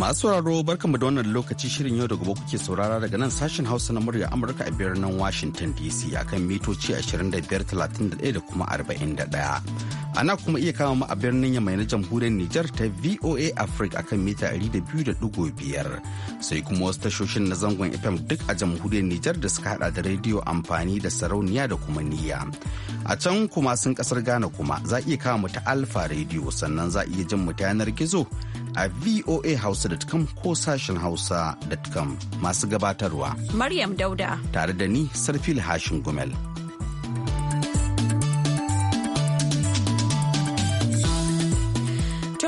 Masu sauraro barkanmu da wannan lokaci shirin yau da gobe kuke saurara daga nan sashen Hausa na murya Amurka a birnin Washington DC akan mitoci 2531 da kuma 41. Ana kuma iya kama mu a birnin Yamai na jamhuriyar Nijar ta VOA Africa akan mita 200.5 sai kuma wasu tashoshin na zangon FM duk a jamhuriyar Nijar da suka hada da rediyo amfani da sarauniya da kuma niyya. A can kuma sun kasar Ghana kuma za a iya kama mu ta Alpha Radio sannan za iya jin mu ta yanar gizo a voahausa.com ko sashen hausa.com masu gabatarwa. Maryam Dauda. Tare da ni Sarfil Hashin Gumel.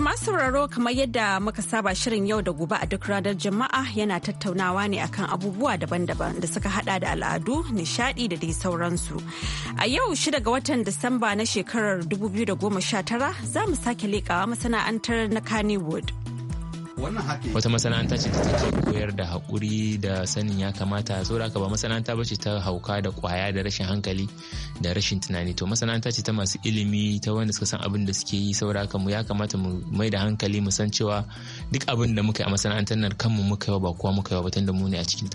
masu sauraro kamar yadda muka saba shirin yau da gobe a duk ranar jama'a yana tattaunawa ne akan abubuwa daban-daban da suka hada da al'adu nishadi da dai sauransu a yau shida ga watan disamba na shekarar 2019 za mu sake leƙawa masana'antar na kannywood wata masana'anta ce ta ke koyar da haƙuri da sanin ya kamata saboda haka ba masana'anta ba ce ta hauka da kwaya da rashin hankali da rashin tunani to masana'anta ce ta masu ilimi ta wanda suka san abin da suke yi saboda haka mu ya kamata mu mai da hankali mu san cewa duk abin da muka yi a masana'antar nan kanmu muka yi ba kowa muka yi ba tunda mu ne a cikin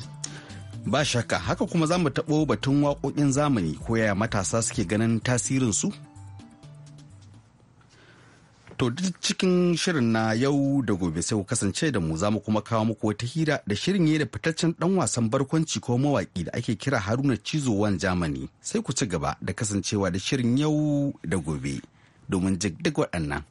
ba shakka haka kuma za mu taɓo batun waƙoƙin zamani ko yaya matasa suke ganin tasirin su To duk cikin shirin na yau da gobe sai ku kasance da mu za mu kuma kawo muku wata hira da shirin ya da fitaccen dan wasan barkwanci ko mawaki da ake kira Haruna Cizo wan Germany. Sai ku ci gaba da kasancewa da shirin yau da gobe domin jig waɗannan.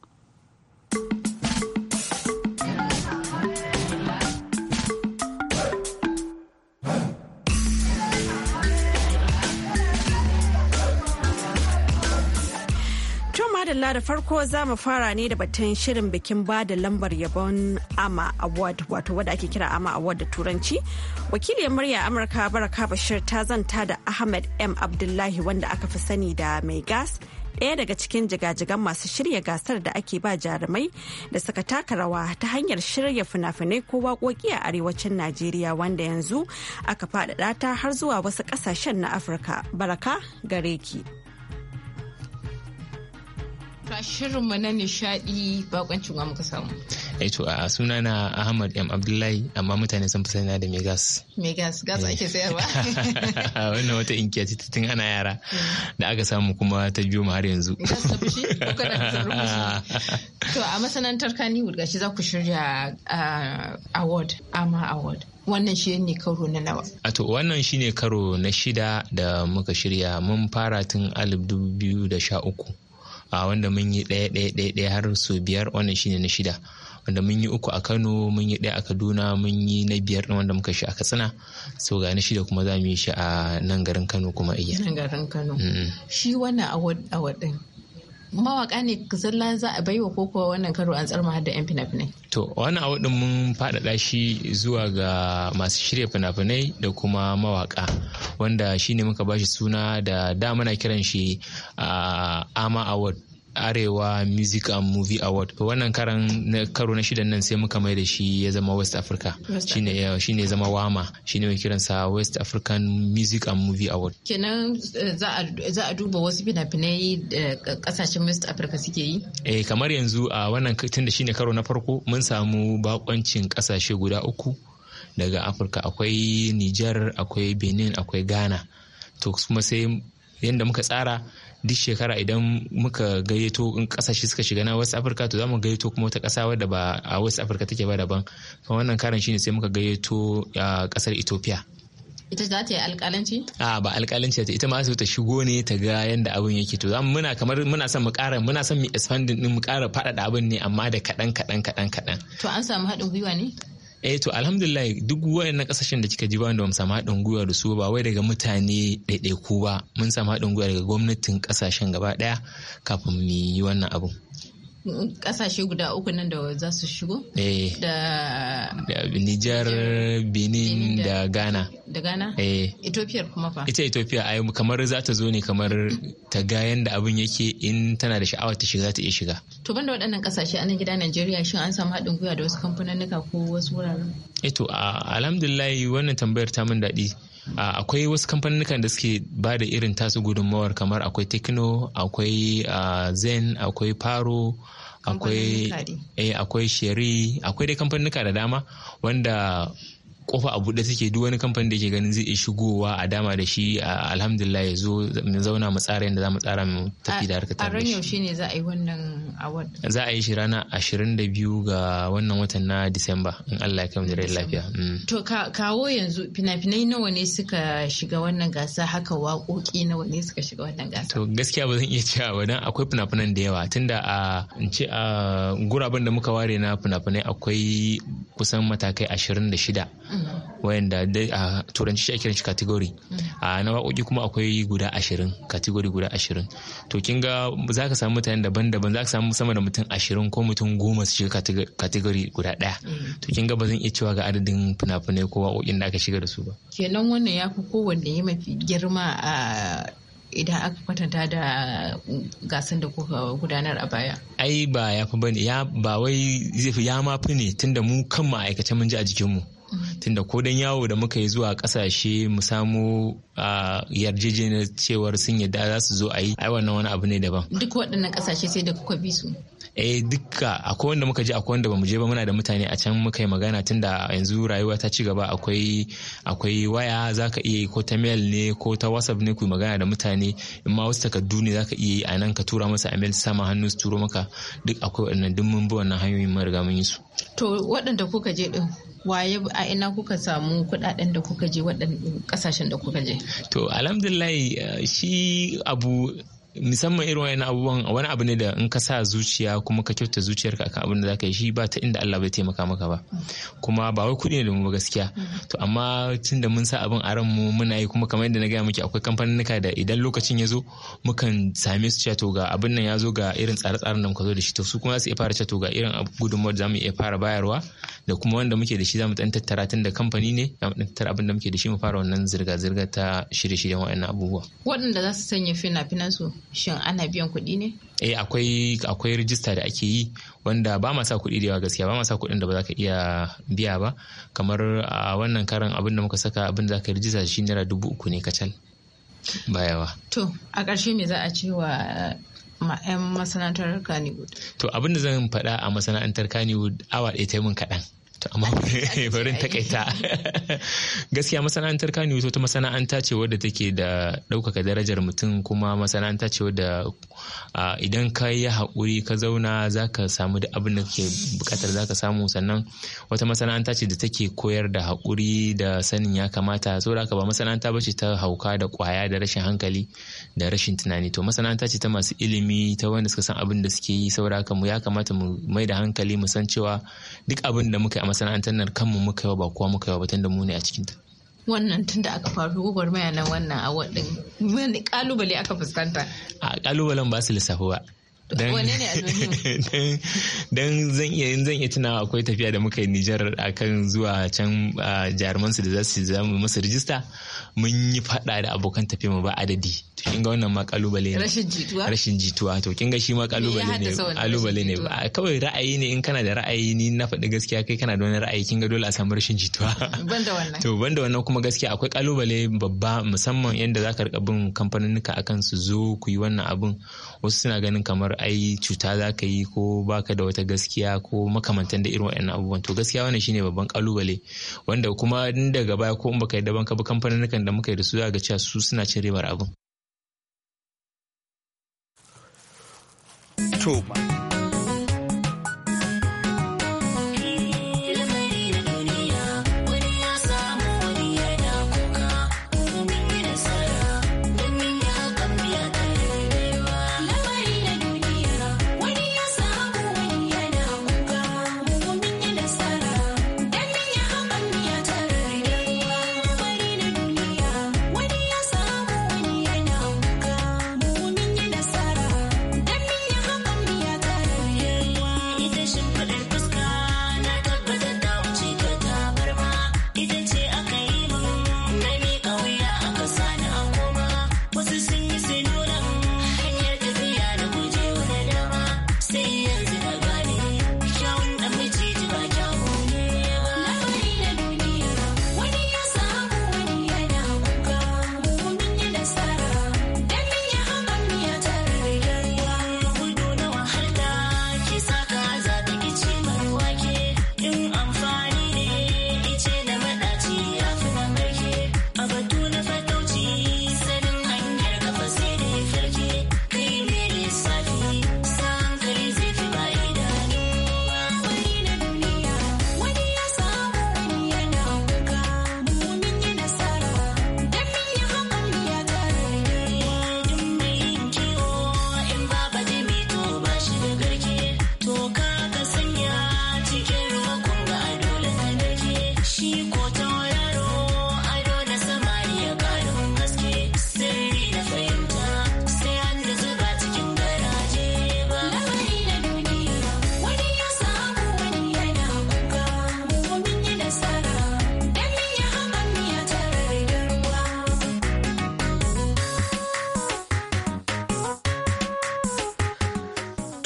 madalla da farko za mu fara ne da batun shirin bikin ba da lambar yabon ama award wato wadda ake kira ama award da turanci wakiliyar murya amurka baraka bashir ta zanta da ahmed m abdullahi wanda aka fi sani da mai gas ɗaya daga cikin jigajigan masu shirya gasar da ake ba jarumai da suka taka rawa ta hanyar shirya fina-finai ko waƙoƙi a arewacin najeriya wanda yanzu aka faɗaɗa ta har zuwa wasu ƙasashen na afirka baraka gare ki. shirinmu na nishadi bakoncin wa muka samu. Eh to a sunana Ahmad M Abdullahi amma mutane sun fi sani da Megas. Megas gas ake eh. sayarwa. Wannan wata inkiya ce tun ana yara da aka samu kuma ta biyo mu har yanzu. Gas fushi ko To a masanantar Kannywood gashi za ku shirya award ama award. wannan shi ne karo na nawa. A to wannan shi ne karo na shida da muka shirya mun fara tun alif dubu biyu da sha uku. a ah, wanda mun yi ɗaya ɗaya ɗaya ɗaya har su biyar wannan shine na shida wanda mun yi uku a kano mun yi ɗaya a kaduna mun yi na biyar ɗin wanda muka shi a katsina so ga na shida kuma za mu yi shi a nan garin kano kuma iya nan garin kano shi wannan awad awad mawaka ne zalla za a baiwa ko kuwa wannan karo an tsarma har da yan fina-finai to wannan abu din mun faɗaɗa shi zuwa ga masu shirya fina-finai da kuma mawaka wanda shine muka bashi suna da da kiran shi a ah, ama award arewa music and movie award wannan karan na karo na shidan nan sai muka mai da shi ya zama west africa shine eh, shine zama wama shine mai kiransa west african music and movie award kenan eh, za a duba wasu fina-finai da kasashen west africa suke yi eh kamar yanzu a wannan da shine karo na farko mun samu bakoncin kasashe guda uku daga afirka akwai niger akwai benin akwai ghana to kuma sai yadda muka tsara duk shekara idan muka gayyato in kasashe suka shiga na West Africa to zamu gayyato kuma wata kasa wadda ba a West Africa take ba daban kuma wannan karin shine sai muka gayyato kasar Ethiopia ita za ta yi alƙalanci? a ba alƙalanci ta ita ma ta shigo ne ta ga yadda abin yake to zamu muna kamar muna son mu kara muna son mu expanding din mu ƙara faɗaɗa abin ne amma da kaɗan kaɗan kaɗan kaɗan to an samu haɗin gwiwa ne eh to alhamdulillah duk wayannan kasashen da kika ji ba da mu samu haɗin gwiwa da su ba wai daga mutane ku ba mun samu haɗin gwiwa daga gwamnatin kasashen gaba ɗaya kafin mu yi wannan abu. kasashe guda uku nan da za su shigo eh. da Nijar Benin da Ghana da Ghana eh Ethiopia kuma fa ita Ethiopia ai kamar za ta zo ne kamar ta ga yanda abin yake in tana da sha'awa ta shiga ta iya shiga to banda waɗannan kasashe a nan gida Najeriya shin an samu haɗin gwiwa da wasu kamfanin ko wasu wuraren eh to alhamdulillah wannan tambayar ta min daɗi akwai wasu kamfanin da suke ba da irin tasu gudunmawar kamar akwai tekno akwai zen akwai faro akwai eh, sheri akwai dai kamfanin da dama wanda kofa a buɗe suke duk wani kamfani da ke ganin zai iya shigowa a dama da shi alhamdulillah ya zo mu zauna mu tsara yadda za mu tsara mu tafi da harkar a ran yaushe ne za a yi wannan award za a yi shi da biyu ga wannan watan na disamba in Allah ya kai da lafiya mm. to kawo yanzu fina-finai nawa ne suka shiga wannan gasa haka waƙoƙi nawa ne suka shiga wannan gasa to gaskiya ba zan iya cewa ba dan akwai fina-finan da yawa tunda a in ce a guraben da muka ware na fina-finai akwai kusan matakai ashirin da shida. wanda dai a turanci shi ake shi category a na waƙoƙi kuma akwai guda ashirin kategori guda ashirin to kin ga za ka samu mutane daban-daban za ka samu sama da mutum ashirin ko mutum goma su shiga kategori guda ɗaya to kin ga ba zan iya cewa ga adadin fina-finai ko waƙoƙin da aka shiga da su ba kenan wannan ya fi kowanne ya mafi girma a idan aka kwatanta da gasan da kuka gudanar a baya? Ai ba ya fi bane ya ba wai zai fi ya ma fi ne tunda mu kan ma'aikata mun ji a jikinmu. tunda ko dan yawo da muka yi zuwa kasashe mu samu yarjejeniyar cewar sun yadda za su zo a yi wannan wani abu ne daban duk waɗannan kasashe sai da kuka bi su eh dukka akwai wanda muka je akwai wanda bamu je ba muna da mutane a can muka yi magana tunda yanzu rayuwa ta ci gaba akwai akwai waya zaka iya ko ta mail ne ko ta whatsapp ne ku magana da mutane in ma wasu takardu ne zaka iya yi a nan ka tura masa a mail sama hannu su turo maka duk akwai waɗannan duk mun bi wannan hanyoyin mun riga mun yi su to waɗanda kuka je din waye a ina kuka samu kudaden da kuka je waɗannan kasashen da kuka je to alhamdulillah eh, shi abu musamman irin wani abubuwan wani abu ne da in ka sa zuciya kuma ka kyauta zuciyarka akan abin da ka yi shi ba ta inda Allah bai taimaka maka ba kuma ba wai kuɗi ne da mu ba gaskiya to amma tun da mun sa abin a mu muna yi kuma kamar yadda na gaya miki akwai ka da idan lokacin ya zo mukan same su to ga abin nan ya zo ga irin tsare-tsaren da muka zo da shi to su kuma za su iya fara to ga irin gudunmawar da za mu iya fara bayarwa da kuma wanda muke da shi za mu dan tattara tun da kamfani ne za mu dan tattara abin da muke da shi mu fara wannan zirga-zirga ta shirye-shiryen wa'annan abubuwa waɗanda za su sanya fina-finan su shin ana biyan kuɗi ne eh akwai akwai rijista da ake yi wanda ba ma sa kuɗi da yawa gaskiya ba ma sa kuɗin da ba za ka iya biya ba kamar a wannan karan abin da muka saka abin da za ka rijista shi naira dubu uku ne kacal ba yawa to a ƙarshe me za a ce wa 'yan masana'antar Kannywood? To abin da zan faɗa a masana'antar Kannywood awa ɗaya ta mun kaɗan. to amma bari takaita gaskiya masana'antar kano wata masana'anta ce wadda take da ɗaukaka darajar mutum kuma masana'anta ce wadda idan ka yi haƙuri ka zauna za ka samu da abin da ke buƙatar za ka samu sannan wata masana'anta ce da take koyar da haƙuri da sanin ya kamata saboda haka ba masana'anta ba ce ta hauka da ƙwaya da rashin hankali da rashin tunani to masana'anta ce ta masu ilimi ta wanda suka san abin da suke yi saboda haka mu ya kamata mu mai da hankali mu san cewa duk abin da muka yi masana'antar nan kanmu muka yawa ba kowa muka yawa ba tunda mu ne a cikinta wannan tunda aka faru gwagwarmaya nan wannan a waɗin wani kalubale aka fuskanta a kalubalen ba su lissafi ba Dan zan iya zan iya tuna akwai tafiya da muka yi Nijar akan zuwa can jaruman su da za su zama masu rijista mun yi fada da abokan tafiya mu ba adadi. To kin ga wannan ma kalubale ne. Rashin jituwa. Rashin jituwa to kin ga shi ma kalubale ne. Kalubale ne. Kawai ra'ayi ne in kana da ra'ayi ni na faɗi gaskiya kai kana da wani ra'ayi kin ga dole a samu rashin jituwa. Banda wannan. To banda wannan kuma gaskiya akwai kalubale babba musamman yadda za ka rika bin kamfaninnika akan su zo ku yi wannan abun wasu suna ganin kamar ai cuta za ka yi ko baka da wata gaskiya ko makamantan da irin waɗannan abubuwan to gaskiya wannan shine babban kalubale wanda kuma daga baya ko in baka yi daban ka bi kamfanin da muka yi da su za ga cewa su suna cin ribar abin.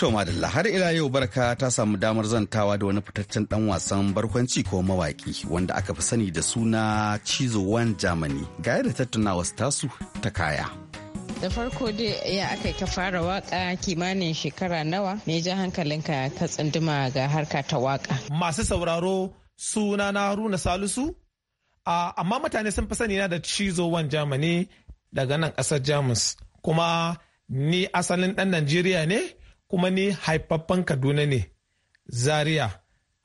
To madalla har ila yau barka ta samu damar zantawa da wani fitaccen dan wasan barkwanci ko mawaki wanda aka fi sani da suna Cizo Wan Germany ga yadda tattaunawa tasu ta kaya. da farko dai ya aka ka fara waka kimanin shekara nawa me ja hankalinka ka tsunduma ga harka ta waka masu sauraro suna na haruna salisu amma mutane sun fi sani na da cizo wan germany daga nan kasar jamus kuma ni asalin ɗan najeriya ne kuma ni haifaffen kaduna ne zaria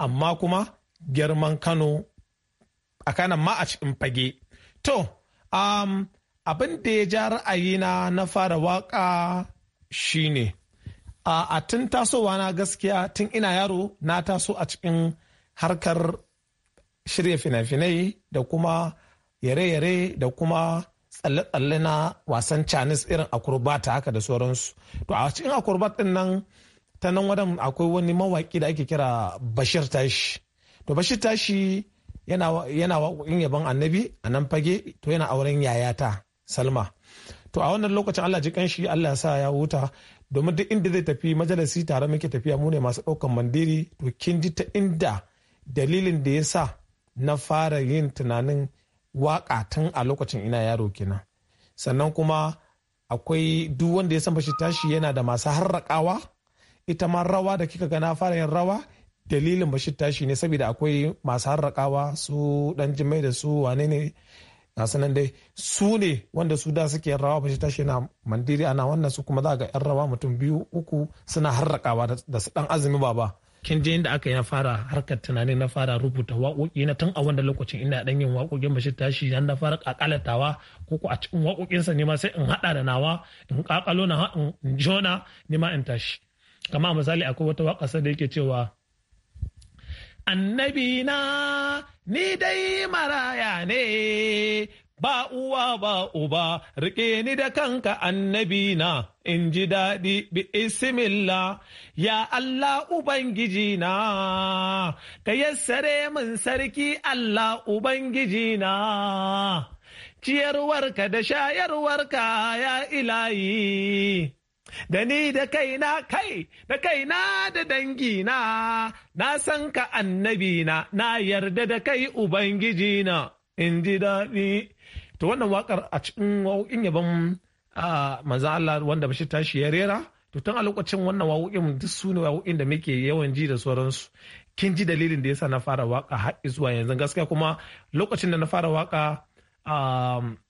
amma kuma girman kano a kanan ma a cikin fage to um, abin da ya ja ra'ayina na fara waka shine uh, a tun tasowa na gaskiya tun ina yaro na taso a cikin harkar shirya fina-finai da kuma yare-yare da kuma tsalle-tsalle na wasan Canis irin akurbata haka da sauransu to a cikin akurbat din nan ta nan wadan akwai wani mawaki da ake kira bashir tashi to bashir tashi yana yana yabon yaban annabi a nan fage to yana auren yayata salma to a wannan lokacin allah ji kanshi allah sa ya huta domin duk inda zai tafi majalisi tare muke tafiya mu ne masu ɗaukan mandiri to kin ji ta inda dalilin da ya sa na fara yin tunanin Waka tun a lokacin ina yaro kenan sannan kuma akwai duk wanda ya san bashi tashi yana da masu harraƙawa ita ma rawa da kika ga na fara yin rawa dalilin bashi tashi ne saboda akwai masu harraƙawa su dan jimai da su wane ne gasu nan dai su ne wanda su da suke yan rawa bashi tashi na mandiri ana wannan su kuma za ga yan rawa mutum biyu uku suna harraƙawa da su dan azumi baba kin je inda aka yi na fara harkar tunani na fara rubuta waƙoƙi na tun a wanda lokacin ina dan yin waƙoƙin bashi tashi na fara kakalatawa ko ko a cikin waƙoƙinsa ne ma sai in haɗa da nawa in kakalo na in jona ne ma in tashi kama misali akwai wata waƙasa da yake cewa annabi na ni dai maraya ne Ba uwa ba uba, riƙe ni da kanka annabi na, in ji daɗi bi isimilla, ya Allah Ubangiji na, ka yassare min sarki Allah Ubangiji na, ciyarwarka da shayarwarka ya ilayi. da ni da kaina kai da kaina da dangina na san ka annabina na yarda da kai ubangiji na in ji daɗi to wannan wakar a cikin waƙoƙin yabon manzo Allah wanda bashi tashi ya rera to tun a lokacin wannan waƙoƙin duk su ne waƙoƙin da muke yawan ji da sauransu kin ji dalilin da yasa na fara waka har zuwa yanzu gaskiya kuma lokacin da na fara waka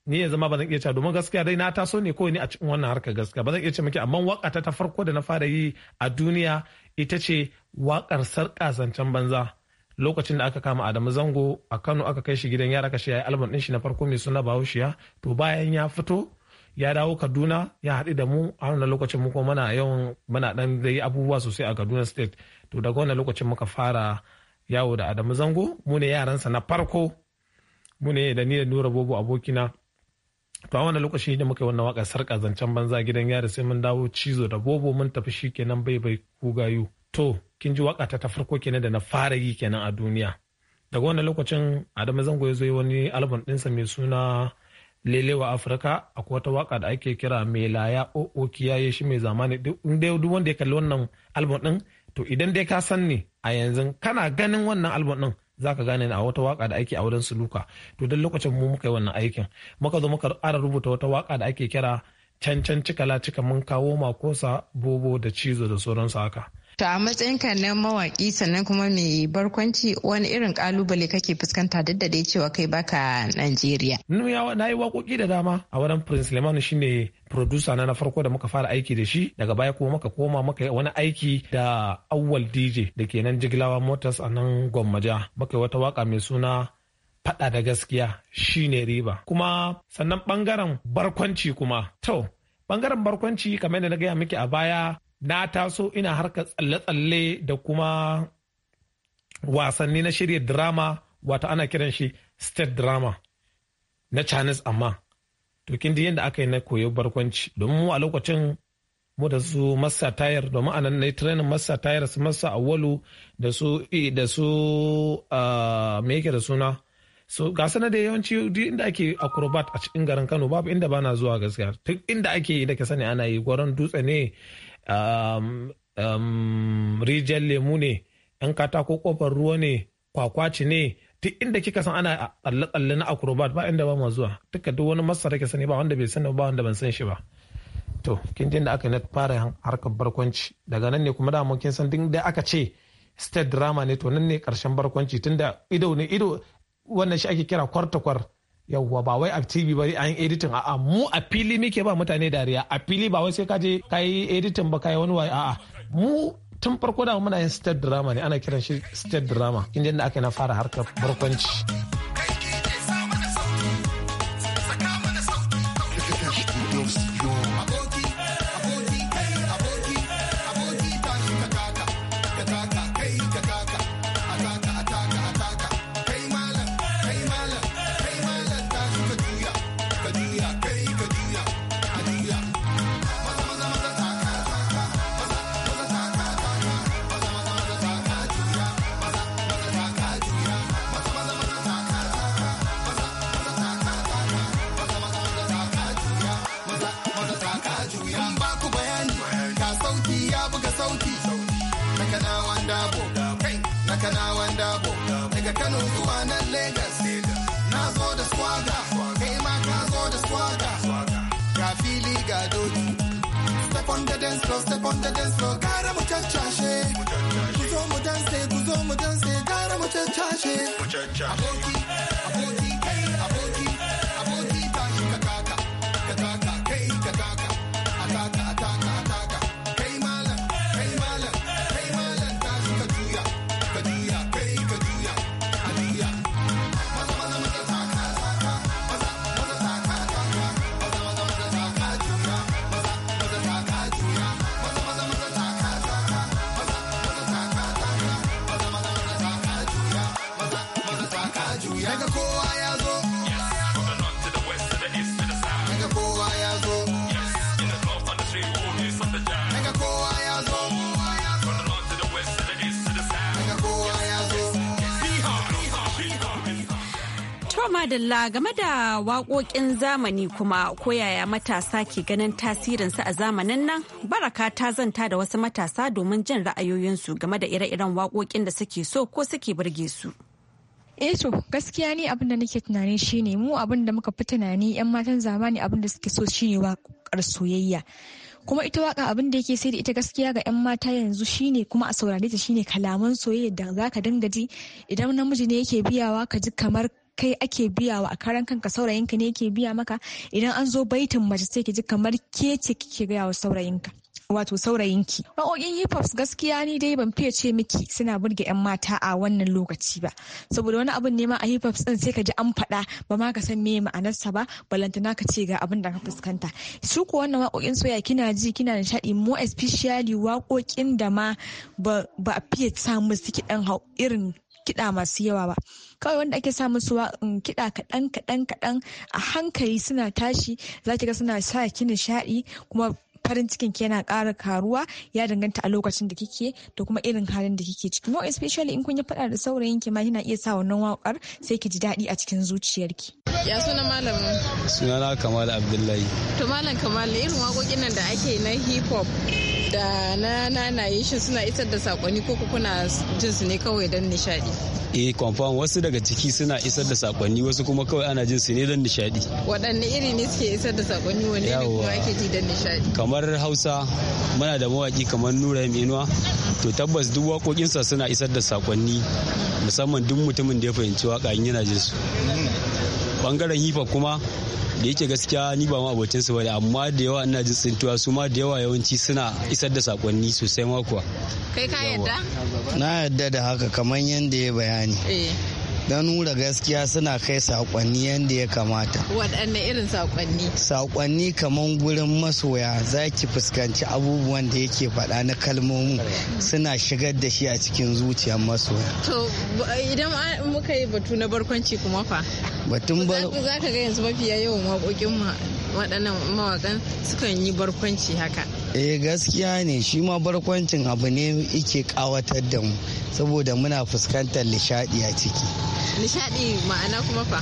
ni ya zama ba zan iya cewa domin gaskiya dai na taso ne kawai ni a cikin wannan harkar gaskiya ba zan iya ce miki amma waka ta ta farko da na fara yi a duniya ita ce wakar sarka zancen banza lokacin da aka kama Adamu Zango a Kano aka kai shi gidan yara kashe ya yi album ɗin shi na farko mai suna Bahaushiya to bayan ya fito ya dawo Kaduna ya haɗu da mu a wannan lokacin mu muna yawan mana dan da yi abubuwa sosai a Kaduna State to daga wannan lokacin muka fara yawo da Adamu Zango mu ne yaransa na farko mu ne da ni da Nura Bobo abokina to a wannan lokaci da muka yi wannan waka sarƙa zancen banza gidan yari sai mun dawo cizo da bobo mun tafi shikenan bai bai kugayu to kin ji waka ta farko kenan da na fara yi kenan a duniya daga wannan lokacin adamu zango ya zo wani album dinsa mai suna lelewa afirka akwai wata waka da ake kira mai laya ya kiyaye shi mai zamani duk wanda ya kalli wannan album ɗin to idan dai ka san ni a yanzu kana ganin wannan album ɗin za ka gane a wata waka da ake a wurin suluka to don lokacin mu muka yi wannan aikin muka zo muka ara rubuta wata waka da ake kira can cikala cika mun kawo makosa bobo da cizo da sauransu haka To a matsayinka na mawaki sannan kuma mai barkwanci wani irin kalubale kake fuskanta duk da dai cewa kai baka Najeriya. Na yi waƙoƙi da dama a wurin Prince Lemanu shine producer na na farko da muka fara aiki da shi daga baya kuma muka koma muka wani aiki da awwal DJ da ke nan Jigilawa Motors a nan Gwammaja. Muka wata waka mai suna faɗa da gaskiya shine riba. Kuma sannan ɓangaren barkwanci kuma. To, bangaren barkwanci kamar da na gaya miki a baya na taso ina harkar tsalle-tsalle da kuma wasanni na shirya drama wata ana kiran shi state drama na chinese amma to kin yadda aka yi na koyo barkwanci domin mu a lokacin mu da su masa tayar domin a nan training masa tayar su masa awalu da su da su ah, me yake da suna so ga sanar da yawanci duk inda ake acrobat a cikin garin Kano babu inda bana zuwa gaskiya duk inda ake yi da ka sani ana yi gwaron dutse ne Um, um, rijiyar lemu ne yan katako kofar ruwa ne kwakwaci ne duk inda kika san ana tsalle-tsalle na acrobat ba inda ba mu zuwa duka duk wani masara ke sani ba wanda bai sani ba wanda ban san shi ba to kin da aka na fara harkar barkwanci daga nan ne kuma da kin san duk da aka ce state drama ne to nan ne karshen barkwanci tunda ido ne ido wannan shi ake kira kwartakwar yawwa ba wai a tv ba an editing a mu a fili muke ba mutane dariya a fili ba wai sai ka je ka yi editing ba ka wani wai a'a mu tun farko da muna yin state drama ne ana kiran shi state drama inda aka na fara harkar barkwanci. slow step on the dance floor gara mu caccashe ku mu dance ku zo mu dance gara mu caccashe Abdullah game da wakokin zamani kuma koyaya matasa ke ganin tasirinsu a zamanin nan baraka ta zanta da wasu matasa domin jin ra'ayoyinsu game da ire-iren waƙoƙin da suke so ko suke burge su. eh to gaskiya ni abin da nake tunani shine mu abin da muka fi tunani yan matan zamani abin da suke so shine waƙar soyayya kuma ita waka abin da yake sai da ita gaskiya ga 'yan mata yanzu shine kuma a saurare ta shine kalaman soyayya da zaka dinga ji idan namiji ne yake biyawa ka ji kamar kai ake biya wa a karan kanka saurayinka ne yake biya maka idan an zo baitin mace sai ki ji kamar ke ce kike gaya wa saurayinka wato saurayinki waƙoƙin hip hop gaskiya ni dai ban fiye ce miki suna burge yan mata a wannan lokaci ba saboda wani abun ne ma a hip hop din sai ka ji an faɗa ba ma ka san meye ma'anarsa ba balantana ka ce ga abin da ka fuskanta su ko wannan waƙoƙin soya kina ji kina nishaɗi mo especially waƙoƙin da ma ba fiye samu suke ɗan irin kiɗa masu yawa ba kawai wanda ake sa musu mm, kiɗa kaɗan kaɗan kaɗan a hankali suna tashi za ki ga suna sa ki nishaɗi kuma farin cikin ki yana ƙara karuwa ya danganta a lokacin da kike da kuma irin halin da kike ciki mo especially in kun yi faɗa da saurayin ki ma yana iya sa wannan waƙar sai ki ji daɗi a cikin zuciyarki. ya suna malam sunana kamal abdullahi to malam kamal irin waƙoƙin nan da ake na hip hop da na yi shi suna isar da sakonni ko kuna jin su ne kawai don nishadi eh confirm wasu daga ciki suna isar da sakonni wasu kuma kawai ana jin su ne don nishadi waɗanne iri ne suke isar da sakonni wanne ne kuma ake ji don nishadi kamar hausa muna da mawaki kamar nura inuwa to tabbas duk waƙoƙinsa suna isar da sakonni musamman duk mutumin da ya fahimci waƙa yana jin su bangaren hip hop kuma da yake gaskiya ni ba ma abocin su bane amma da yawa ina jin tsintuwa su ma da yawa yawanci suna isar da sakonni sosai ma kuwa kai ka yadda na yadda da haka kamar yadda ya bayani eh. da nura gaskiya suna kai sakonni yadda ya kamata waɗanne irin sakonni sakonni kamar gurin masoya za ki fuskanci abubuwan da yake faɗa na kalmomi suna shigar da shi a cikin zuciyar masoya to idan muka yi batu na barkwanci kuma fa batun ba. za ka ga yanzu mafiya yawan waƙoƙin waɗannan mawaƙan sukan yi barkwanci haka eh gaskiya ne shi ma barkwancin abu ne yake kawatar da mu saboda muna fuskantar nishadi a ciki nishadi ma'ana kuma fa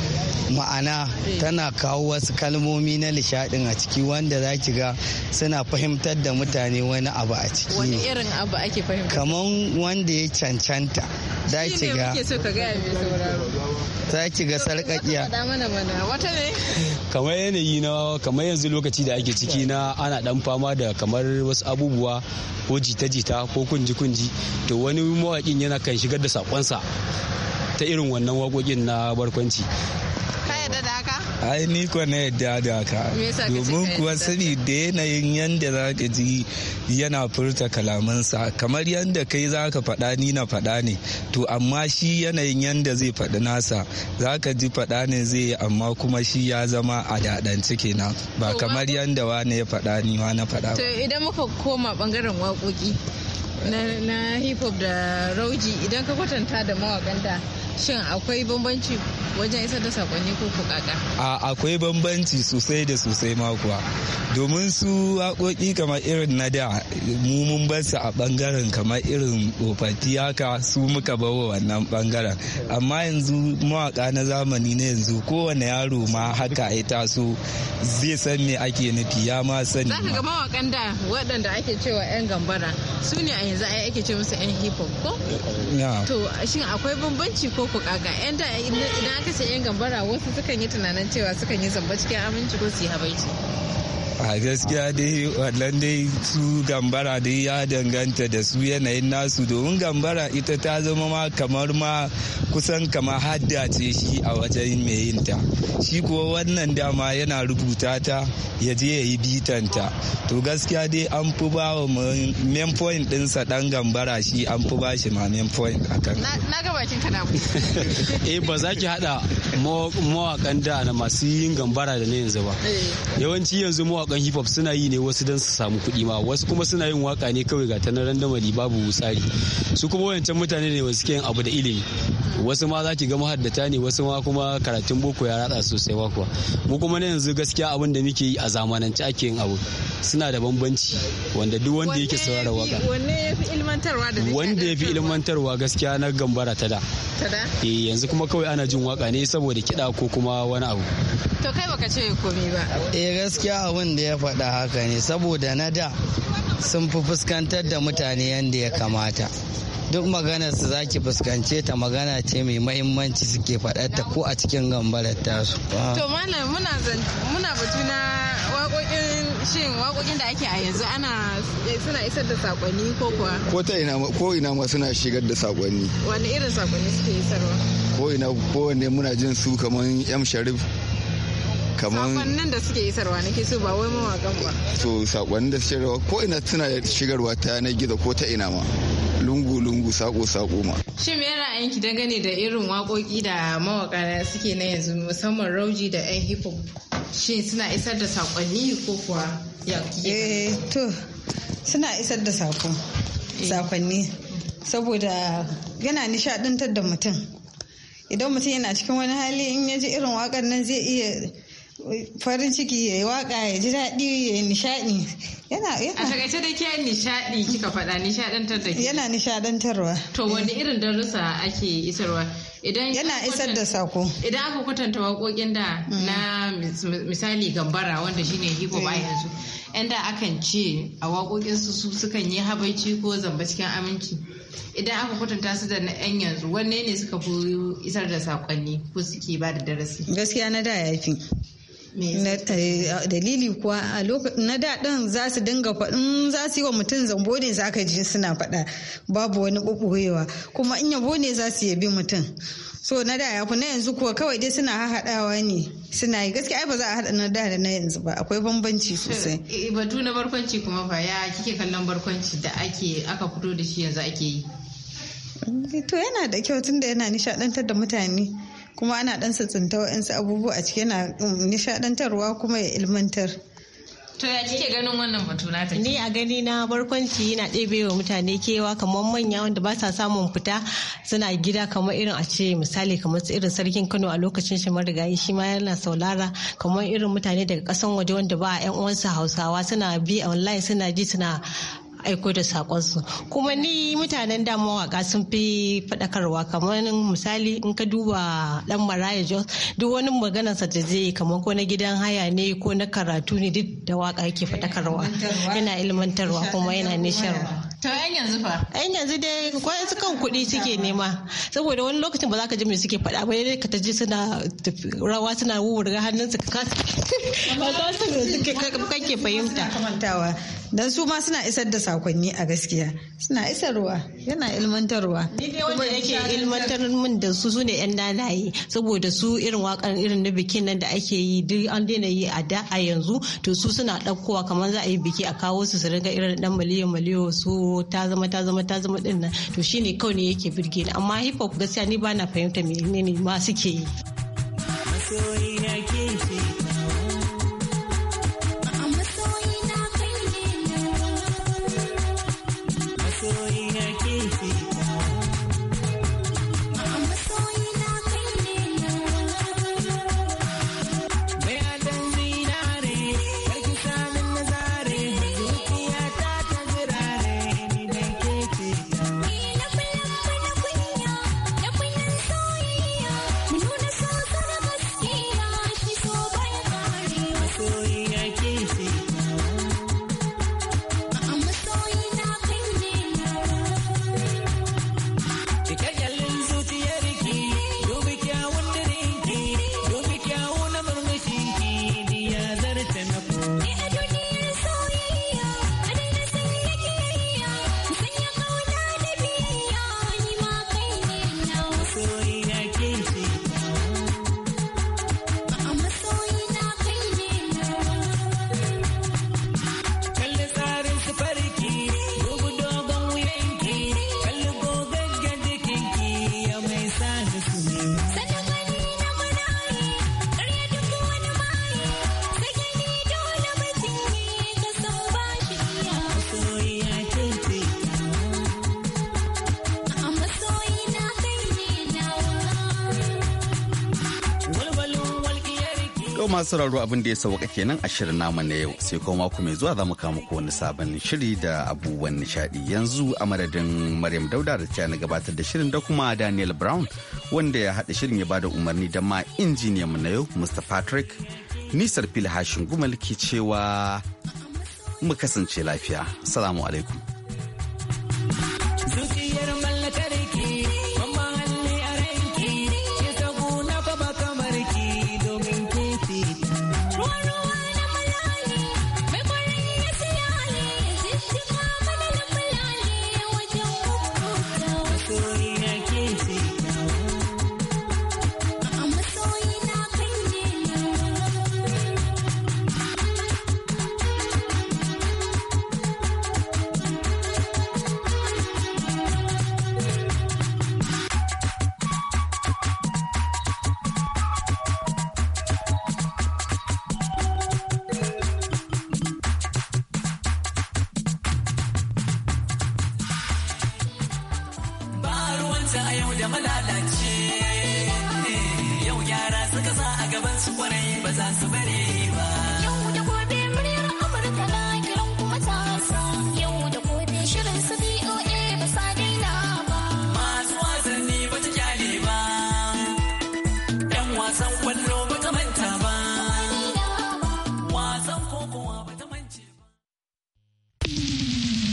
ma'ana eh. tana kawo wasu kalmomi na nishadin a ciki wanda za ki ga suna fahimtar da mutane wani abu a ciki wani irin abu ake fahimta kaman wanda ya cancanta za ki ga so ka gaya mai sauraro zaki gasar ga sarƙaƙiya kamar yanayi na kamar yanzu lokaci da ake ciki na ana dan fama da kamar wasu abubuwa ko jita-jita ko kunji-kunji to wani mawaƙin yana kan shigar da sakonsa ta irin wannan waƙoƙin na barkwanci ai ni ko na da da ka domin kuwa da yanayin yanda za ka ji yana furta kalamansa kamar yanda kai za ka faɗa ni na faɗa ne to amma shi yanayin yanda zai faɗi nasa za ka ji faɗa ne zai amma kuma shi ya zama a ciki kenan ba kamar yanda wani ya faɗa ni wa na faɗa to idan muka koma bangaren waƙoƙi na hip hop da rauji idan ka kwatanta da mawaƙanta shin akwai bambanci wajen isar da sakonni ko kuka a akwai bambanci sosai da sosai makuwa domin su waƙoƙi kamar irin na da mu mun su a bangaren kamar irin tsofaffi haka su muka bawa wannan bangaren amma yanzu mawaka na zamani na yanzu kowane yaro ma haka ya taso zai san me ake nufi ya ma sani za ka ga mawakan da waɗanda ake cewa 'yan gambara su ne a yanzu ake ce musu 'yan hip hop ko? to shin akwai bambanci ko ko kaka yan da idan aka ce yan gambara wasu sukan yi tunanin cewa sukan yi zamba cikin aminci ko su yi habaici a gaskiya dai wannan dai su gambara dai ya danganta da su yanayin nasu domin gambara ita ta zama ma kamar ma kusan kama hadda ce shi a wajen mai shi kuwa wannan dama yana rubuta ta ya je ya yi bitanta to gaskiya dai an fi ba wa main point ɗinsa ɗan gambara shi an fi ba shi ma main point a kan na ga bakin eh ba za ki haɗa mawakan da na masu yin gambara da na yanzu ba eh. yawanci yanzu mawakan mawakan hip hop suna yi ne wasu don su samu kuɗi ma wasu kuma suna yin waka ne kawai ga tanar randamali babu tsari su kuma wayancan mutane ne wasu yin abu da ilimi wasu ma za ki ga mahaddata ne wasu ma kuma karatun boko ya ratsa sosai ba kuwa mu kuma na yanzu gaskiya abin da muke yi a zamanance ake yin abu suna da bambanci wanda duk wanda yake saurara waka wanda ya fi ilmantarwa gaskiya na gambara ta da eh yanzu kuma kawai ana jin waka ne saboda kiɗa ko kuma wani abu to kai baka ce komai ba eh gaskiya abin da ya faɗa haka ne saboda na da sun fi fuskantar da mutane yadda ya kamata duk magana su ki fuskance ta magana ce mai mahimmanci suke faɗarta ko a cikin gambarar tasu. To malam muna batu na waƙoƙin shin waƙoƙin da ake a yanzu ana eh, suna isar da saƙonni ko kuwa? Ko ta ina ko ina ma suna shigar da saƙonni. Wani irin saƙonni suke isarwa? Ko ina ko wanne muna jin su kamar yam Sharif kamar sakonnin da suke isarwa nake so ba wai mawakan ba to sakonnin da suke rawa ko ina suna shigarwa ta na gizo ko ta ina ma lungu-lungu sako-sako ma. Shin me ra'ayinki dangane da irin waƙoƙi da mawaƙa suke na yanzu musamman rauji da 'yan hip hop? Shin suna isar da saƙonni ko kuwa ya Eh to suna isar da sako eh. sakonni saboda yana nishadantar da mutum. Idan mutum yana cikin wani hali in ya ji irin waƙar nan zai iya farin ciki ya yi waka ya ji daɗi ya yi nishaɗi yana a takaice da ke nishaɗi kika faɗa nishaɗantar da ke yana nishaɗantarwa to wani irin darussa ake isarwa idan yana isar da sako idan aka kwatanta waƙoƙin da mm. na misali gambara wanda shine hip hop eh. yanzu yan da akan ce a waƙoƙin su su sukan yi habaici ko zamba cikin aminci idan aka kwatanta su da na yan yanzu wanne ne suka fi isar da sakonni ko suke ba da darasi gaskiya na da yafi Eh, dalili kuwa a lokacin na daɗin za su dinga faɗin za su yi wa mutum zambo ne za ka ji suna faɗa babu wani ɓuɓɓuwewa kuma in yabo ne za su yabi mutum so na da ya ku na yanzu kuwa kawai dai suna haɗawa ne suna yi gaskiya ai ba za a haɗa na da da na yanzu ba akwai bambanci sosai eh, eh, batu na barkwanci kuma ba ya kike kallon barkwanci da ake aka fito da shi yanzu ake yi mm, to yana da kyau tunda yana nishaɗantar da mutane kuma ana dan tsinta wa'insu abubuwa a cikin yana um, nishadantarwa kuma ya ilmantar to ya kike ganin wannan batu na ta ni a gani na barkwanci yana ɗebe wa mutane kewa kamar manya wanda ba sa samun fita suna gida kamar irin a ce misali kamar su irin sarkin Kano a lokacin shi marigayi shi ma yana saulara kamar irin mutane daga ƙasan waje wanda ba yan uwansa Hausawa suna bi online suna ji suna aiko da sakonsu kuma ni mutanen da waka sun fi faɗakarwa kamar misali in ka duba dan maraya jos duk wani maganarsa da zai kamar ko na gidan haya ne ko na karatu ne duk da waka yake faɗakarwa yana ilmantarwa kuma yana nisharwa To yan yanzu fa? Yan yanzu dai kwayan su kan kuɗi suke nema. Saboda wani lokacin ba za ka ji mai suke faɗa ba dai ka ta ji suna rawa suna wuwurga hannunsu ka kasu kake fahimta. Dan su ma suna isar da sakonni a gaskiya. Suna isarwa, yana ilmantarwa. Ni dai wanda yake ilmantar min da su sune yan nanaye saboda su irin wakar irin na bikin nan da ake yi duk an daina yi a da a yanzu to su suna ɗaukowa kamar za a yi biki a kawo su su ringa irin ɗan miliyan miliyan su ta zama ta zama ta zama din to shine kawai ne yake birge ni amma hip hop gaskiya ni bana fahimta menene ma suke yi. sauraro masu sauraro abin da ya sauka kenan a shirin namu na yau sai kuma mako mai zuwa za mu kawo muku wani sabon shiri da abubuwan nishadi yanzu a madadin Maryam Dauda da ta na gabatar da shirin da kuma Daniel Brown wanda ya haɗa shirin ya bada umarni da ma injiniyan mu na yau Mr Patrick Nisar Fil Hashin Gumal ke cewa mu kasance lafiya. Salamu alaikum.